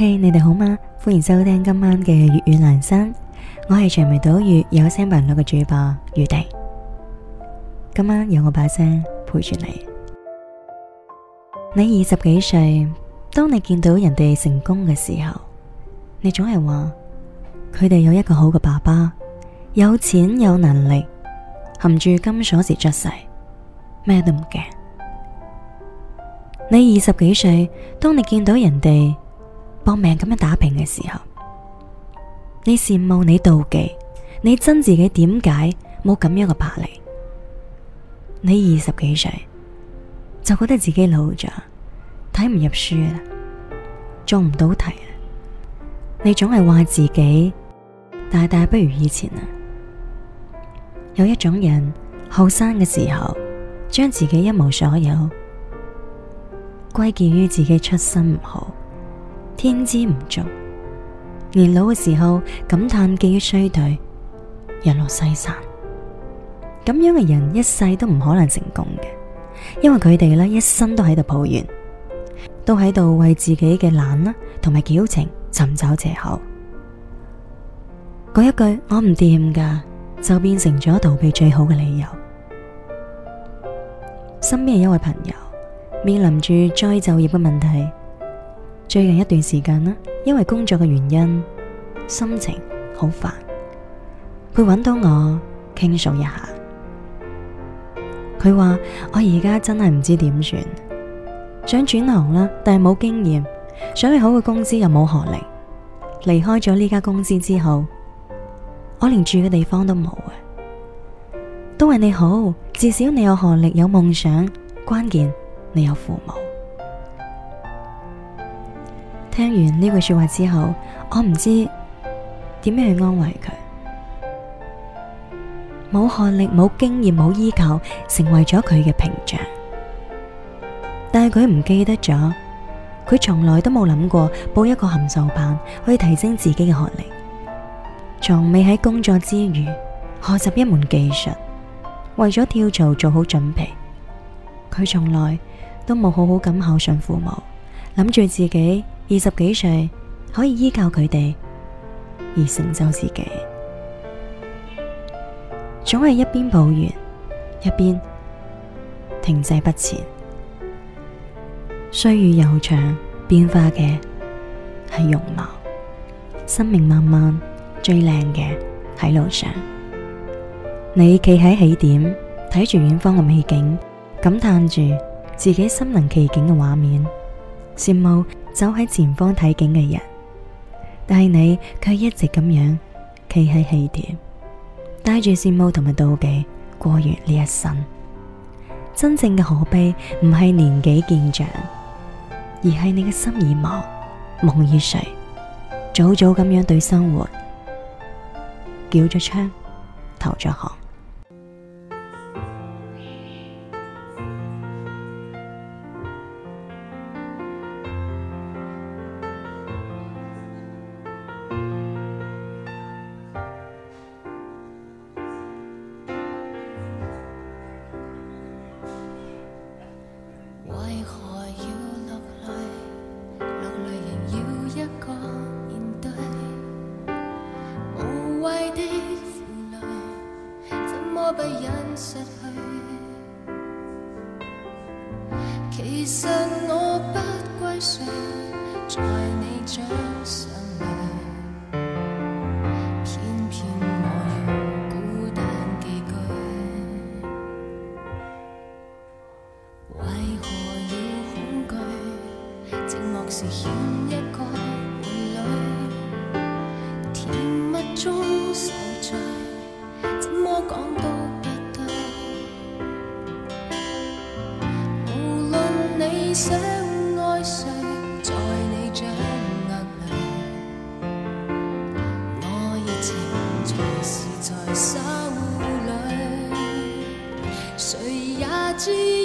嘿，hey, 你哋好嗎？歡迎收聽今晚嘅粵語男聲，我係長眉島嶼有聲頻道嘅主播余定。今晚有我把聲陪住你。你二十幾歲，當你見到人哋成功嘅時候，你總係話佢哋有一個好嘅爸爸，有錢有能力，含住金鎖匙出世，咩都唔驚。你二十幾歲，當你見到人哋搏命咁樣打拼嘅時候，你羨慕你妒忌你憎自己，點解冇咁樣嘅魄力？你二十幾歲就覺得自己老咗，睇唔入書啦，做唔到題啊！你總係話自己大大不如以前啊！有一種人後生嘅時候，將自己一無所有歸結於自己出身唔好。天資唔足，年老嘅時候感嘆記憶衰退，日落西山，咁樣嘅人一世都唔可能成功嘅，因為佢哋呢一生都喺度抱怨，都喺度為自己嘅懶啦同埋矯情尋找借口，嗰一句我唔掂噶就變成咗逃避最好嘅理由。身邊嘅一位朋友面臨住再就業嘅問題。最近一段時間啦，因為工作嘅原因，心情好煩，佢揾到我傾訴一下。佢話，我而家真係唔知點算，想轉行啦，但係冇經驗，想去好嘅公司又冇學歷。離開咗呢家公司之後，我連住嘅地方都冇啊！都係你好，至少你有學歷，有夢想，關鍵你有父母。聽完呢句說話之後，我唔知點樣去安慰佢。冇學歷、冇經驗、冇依靠，成為咗佢嘅屏障。但係佢唔記得咗，佢從來都冇諗過報一個函授班可以提升自己嘅學歷，從未喺工作之餘學習一門技術，為咗跳槽做好準備。佢從來都冇好好咁孝順父母，諗住自己。二十幾歲可以依靠佢哋而成就自己，總係一邊抱怨一邊停滯不前。歲月悠長，變化嘅係容貌，生命漫漫最靚嘅喺路上。你企喺起點，睇住遠方嘅美景，感嘆住自己身臨其境嘅畫面，羨慕走喺前方睇景嘅人，但係你卻一直咁樣企喺起點，帶住羨慕同埋妒忌過完呢一生。真正嘅可悲，唔係年紀漸長，而係你嘅心已忘，夢已碎，早早咁樣對生活繳咗槍，投咗降。不忍失去，其實我不怪誰在你掌上裏，偏偏我要孤單寄居。為何要恐懼？寂寞時欠一個伴侶，甜蜜中受罪，怎麼講都？相愛誰，在你掌握裏，我熱情隨時在手裏。誰也知。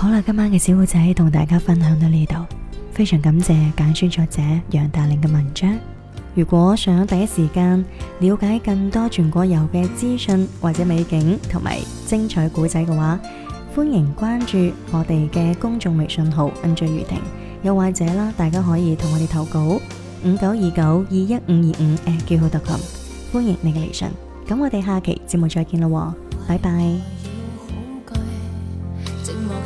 好啦，今晚嘅小故仔同大家分享到呢度，非常感謝簡書作者羊達令嘅文章。如果想第一時間了解更多全國遊嘅資訊或者美景同埋精彩故仔嘅話，歡迎關注我哋嘅公眾微信號恩聚雨庭，又或者啦，大家可以同我哋投稿五九二九二一五二五誒，叫好特勤，歡迎你嘅嚟信。咁我哋下期節目再見啦，拜拜。